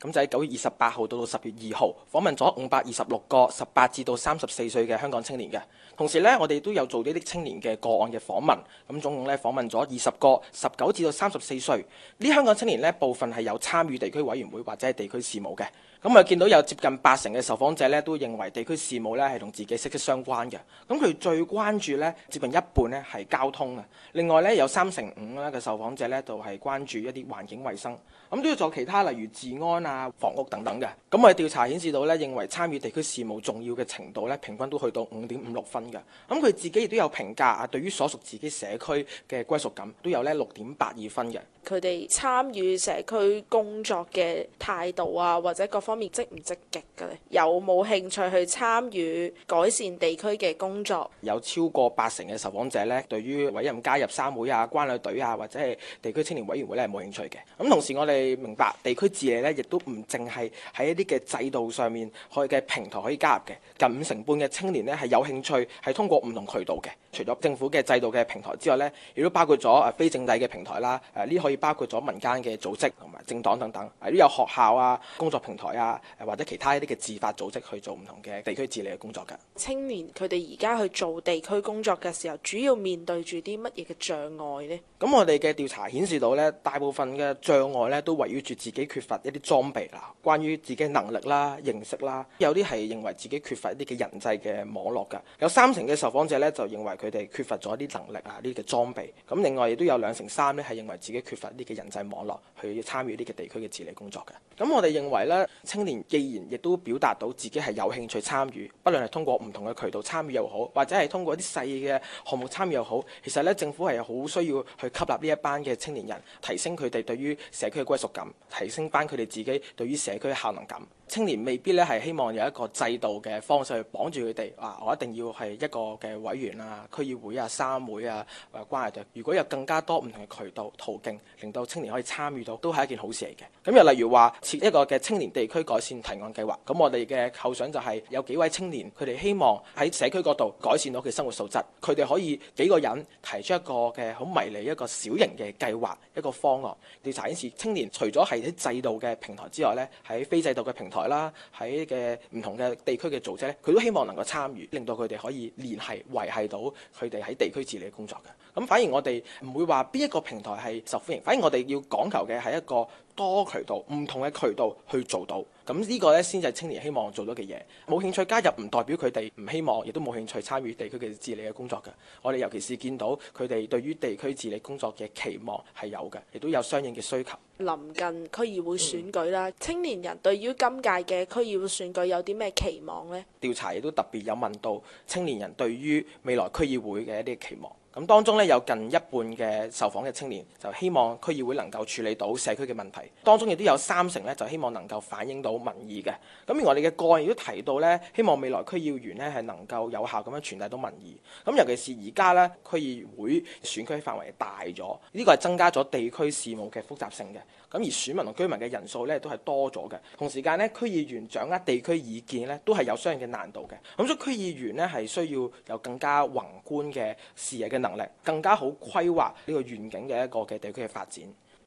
咁就喺九月二十八號到到十月二號訪問咗五百二十六個十八至到三十四歲嘅香港青年嘅，同時呢，我哋都有做呢啲青年嘅個案嘅訪問，咁總共呢訪問咗二十個十九至到三十四歲呢香港青年呢部分係有參與地區委員會或者係地區事務嘅，咁啊見到有接近八成嘅受訪者呢都認為地區事務呢係同自己息息相關嘅，咁佢最關注呢接近一半呢係交通啊，另外呢，有三成五嘅受訪者呢就係關注一啲環境衛生，咁都要做其他例如治安啊。啊，房屋等等嘅，咁我哋調查顯示到咧，認為參與地區事務重要嘅程度咧，平均都去到五點五六分嘅。咁佢自己亦都有評價啊，對於所屬自己社區嘅歸屬感都有咧六點八二分嘅。佢哋參與社區工作嘅態度啊，或者各方面積唔積極嘅咧，有冇興趣去參與改善地區嘅工作？有超過八成嘅受訪者咧，對於委任加入三會啊、關愛隊啊，或者係地區青年委員會咧，冇興趣嘅。咁同時我哋明白地區治理咧，亦都。唔淨係喺一啲嘅制度上面，可以嘅平台可以加入嘅，近五成半嘅青年咧係有興趣，係通過唔同渠道嘅。除咗政府嘅制度嘅平台之外咧，亦都包括咗啊非政體嘅平台啦。誒呢可以包括咗民間嘅組織同埋政黨等等。啊都有學校啊、工作平台啊，誒或者其他一啲嘅自發組織去做唔同嘅地區治理嘅工作噶。青年佢哋而家去做地區工作嘅時候，主要面對住啲乜嘢嘅障礙咧？咁我哋嘅調查顯示到咧，大部分嘅障礙咧都圍繞住自己缺乏一啲備啦，關於自己嘅能力啦、認識啦，有啲係認為自己缺乏一啲嘅人際嘅網絡噶，有三成嘅受訪者咧就認為佢哋缺乏咗啲能力啊，呢啲嘅裝備，咁另外亦都有兩成三咧係認為自己缺乏呢個人際網絡去參與呢個地區嘅治理工作嘅。咁我哋認為咧，青年既然亦都表達到自己係有興趣參與，不論係通過唔同嘅渠道參與又好，或者係通過一啲細嘅項目參與又好，其實咧政府係好需要去吸納呢一班嘅青年人，提升佢哋對於社區嘅歸屬感，提升班佢哋自己。對於社區嘅效能感。青年未必咧係希望有一個制度嘅方式去綁住佢哋，啊，我一定要係一個嘅委員啊、區議會啊、三會啊、誒、呃、或關愛隊，如果有更加多唔同嘅渠道途徑令到青年可以參與到，都係一件好事嚟嘅。咁又例如話，設一個嘅青年地區改善提案計劃，咁我哋嘅構想就係有幾位青年佢哋希望喺社區嗰度改善到佢生活素質，佢哋可以幾個人提出一個嘅好迷你一個小型嘅計劃，一個方案調查。顯示青年除咗係喺制度嘅平台之外咧，喺非制度嘅平台台啦，喺嘅唔同嘅地區嘅組織，咧，佢都希望能夠參與，令到佢哋可以聯繫維繫到佢哋喺地區治理嘅工作嘅。咁反而我哋唔會話邊一個平台係受歡迎，反而我哋要講求嘅係一個。多渠道，唔同嘅渠道去做到，咁呢個咧先係青年希望做到嘅嘢。冇興趣加入唔代表佢哋唔希望，亦都冇興趣參與地區嘅治理嘅工作嘅。我哋尤其是見到佢哋對於地區治理工作嘅期望係有嘅，亦都有相應嘅需求。臨近區議會選舉啦，嗯、青年人對於今屆嘅區議會選舉有啲咩期望咧？調查亦都特別有問到青年人對於未來區議會嘅一啲期望。咁當中咧有近一半嘅受訪嘅青年就希望區議會能夠處理到社區嘅問題，當中亦都有三成咧就希望能夠反映到民意嘅。咁而我哋嘅個案亦都提到咧，希望未來區議員咧係能夠有效咁樣傳遞到民意。咁尤其是而家咧區議會選區範圍大咗，呢個係增加咗地區事務嘅複雜性嘅。咁而選民同居民嘅人數咧都係多咗嘅，同時間咧區議員掌握地區意見咧都係有相應嘅難度嘅。咁所以區議員咧係需要有更加宏觀嘅視野嘅。能力更加好規劃呢個願景嘅一個嘅地區嘅發展。